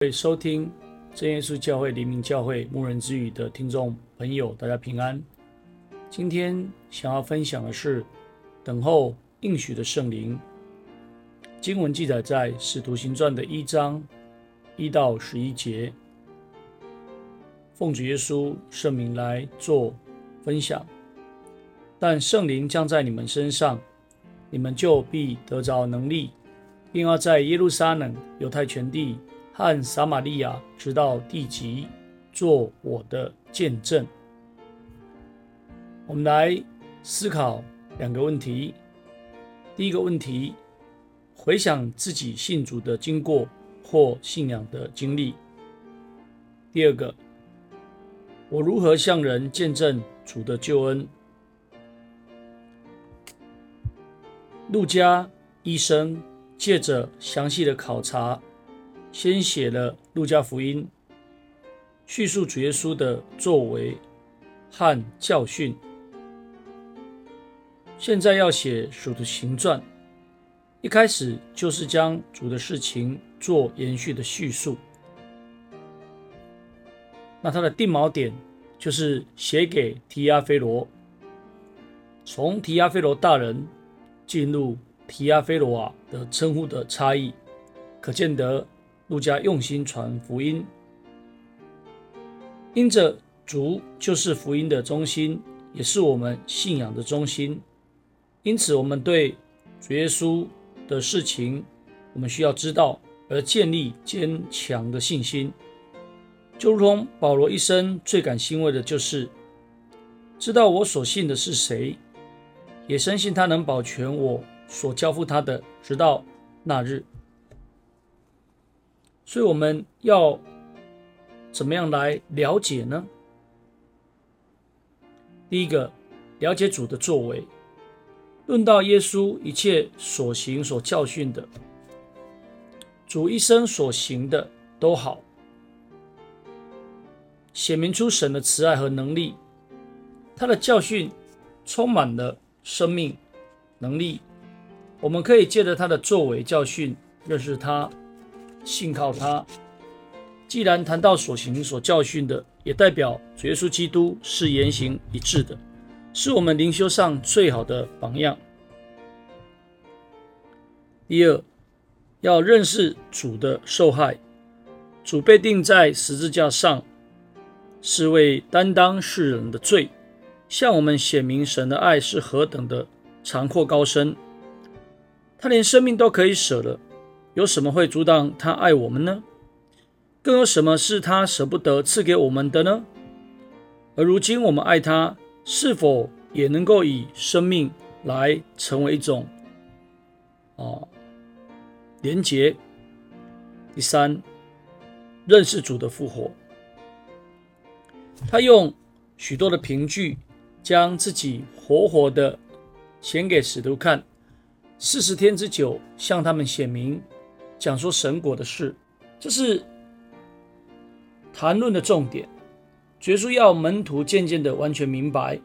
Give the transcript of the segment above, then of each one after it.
各位收聽真耶穌教會黎明教會牧人之語的聽眾朋友，大家平安。今天想要分享的是等候應許的聖靈，經文記載在《使徒行傳》的一章一到十一節。奉主耶穌聖名來做分享，但聖靈降在你們身上，你們就必得着能力，並要在耶路撒冷、猶太全地。和撒瑪利亞，直到地極，做我的見證。我們來思考兩個問題：第一個問題，回想自己信主的經過或信仰的經歷；第二個，我如何向人見證主的救恩？路加醫生借着詳細的考察。先寫了《路加福音》，敘述主耶穌的作為和教訓。現在要寫《主的行傳》，一開始就是將主的事情做延續的敘述。那他的定錨點就是寫給提阿非羅，從提阿非羅大人進入提阿非羅的稱呼的差異，可見得。路加用心傳福音，因着主就是福音的中心，也是我們信仰的中心。因此，我們對主耶穌的事情，我們需要知道，而建立堅強的信心。就如同保羅一生最感欣慰的，就是知道我所信的是誰，也深信他能保全我所交付他的，直到那日。所以我們要怎麼樣來了解呢？第一個，了解主的作為。論到耶穌一切所行所教訓的，主一生所行的都好，顯明出神的慈愛和能力。他的教訓充滿了生命能力，我們可以借着他的作為教訓認識他。信靠他。既然談到所行所教訓的，也代表耶穌基督是言行一致的，是我們靈修上最好的榜樣。第二，要認識主的受害。主被釘在十字架上，是為擔當世人的罪，向我們顯明神的愛是何等的長闊高深。他連生命都可以捨了。有什麼會阻擋他愛我們呢？更有什麼是他捨不得賜給我們的呢？而如今我們愛他，是否也能夠以生命來成為一種哦，聯結？第三，認識主的復活，他用許多的憑據，將自己活活的顯給使徒看，四十天之久向他們顯明。講說神國的事，這是談論的重點。耶穌要門徒漸漸的完全明白，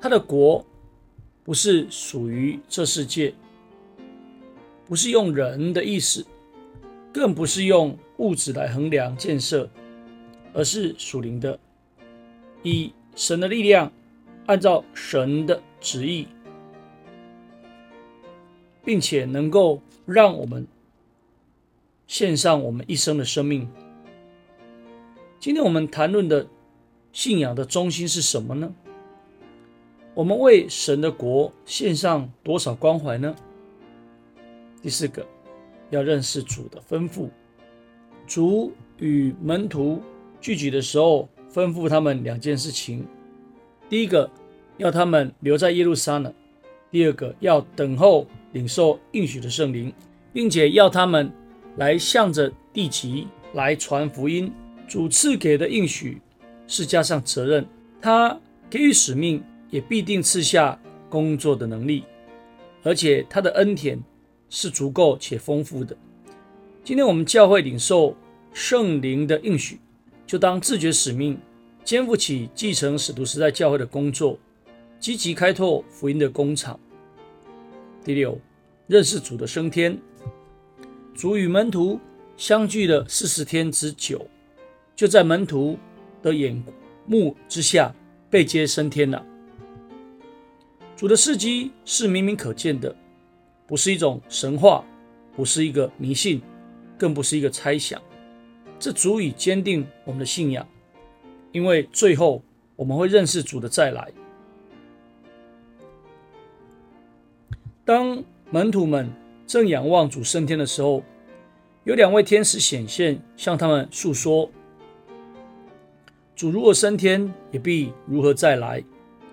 他的國不是屬於這世界，不是用人的意思，更不是用物質來衡量建設，而是屬靈的，以神的力量，按照神的旨意，並且能夠讓我們。獻上我們一生的生命。今天我們談論的信仰的中心是什麼呢？我們為神的國獻上多少關懷呢？第四個，要認識主的吩咐。主與門徒聚集的時候，吩咐他們兩件事情：第一個，要他們留在耶路撒冷；第二個，要等候領受應許的聖靈，並且要他們。來向着地極來傳福音。主賜給的應許是加上責任，他給予使命也必定賜下工作的能力，而且他的恩典是足夠且豐富的。今天我們教會領受聖靈的應許，就當自覺使命，肩負起繼承使徒時代教會的工作，積極開拓福音的工場。第六，認識主的升天。主與門徒相聚了四十天之久，就在門徒的眼目之下被接升天了。主的事蹟是明明可見的，不是一種神話，不是一個迷信，更不是一個猜想。這足以堅定我們的信仰，因為最後我們會認識主的再來。當門徒們。正仰望主升天的時候，有兩位天使顯現，向他們訴說：主如何升天，也必如何再來。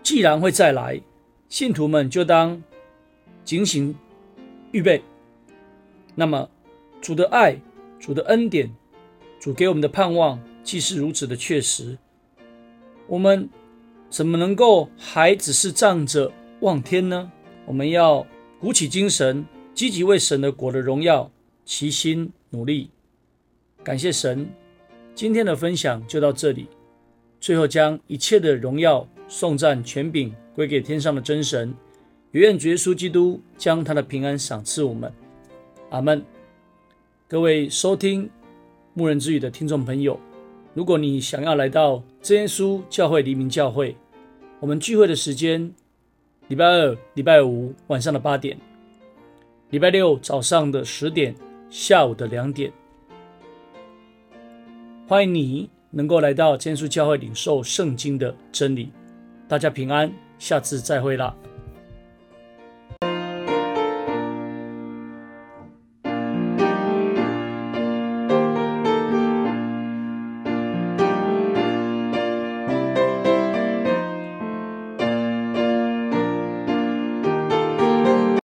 既然會再來，信徒們就當警醒預備。那麼，主的愛、主的恩典、主給我們的盼望，既是如此的確實，我們怎麼能夠還只是站著望天呢？我們要鼓起精神。積極為神的國的榮耀齊心努力，感謝神！今天的分享就到這裡。最後，將一切的榮耀、頌讚、權柄歸給天上的真神。有願主耶穌基督將他的平安賞賜我們。阿門！各位收聽牧人之語的聽眾朋友，如果你想要來到真耶穌教會黎明教會，我們聚會的時間：禮拜二、禮拜五晚上的八點。禮拜六早上的十點，下午的兩點，歡迎你能夠來到天主教會領受聖經的真理。大家平安，下次再會啦。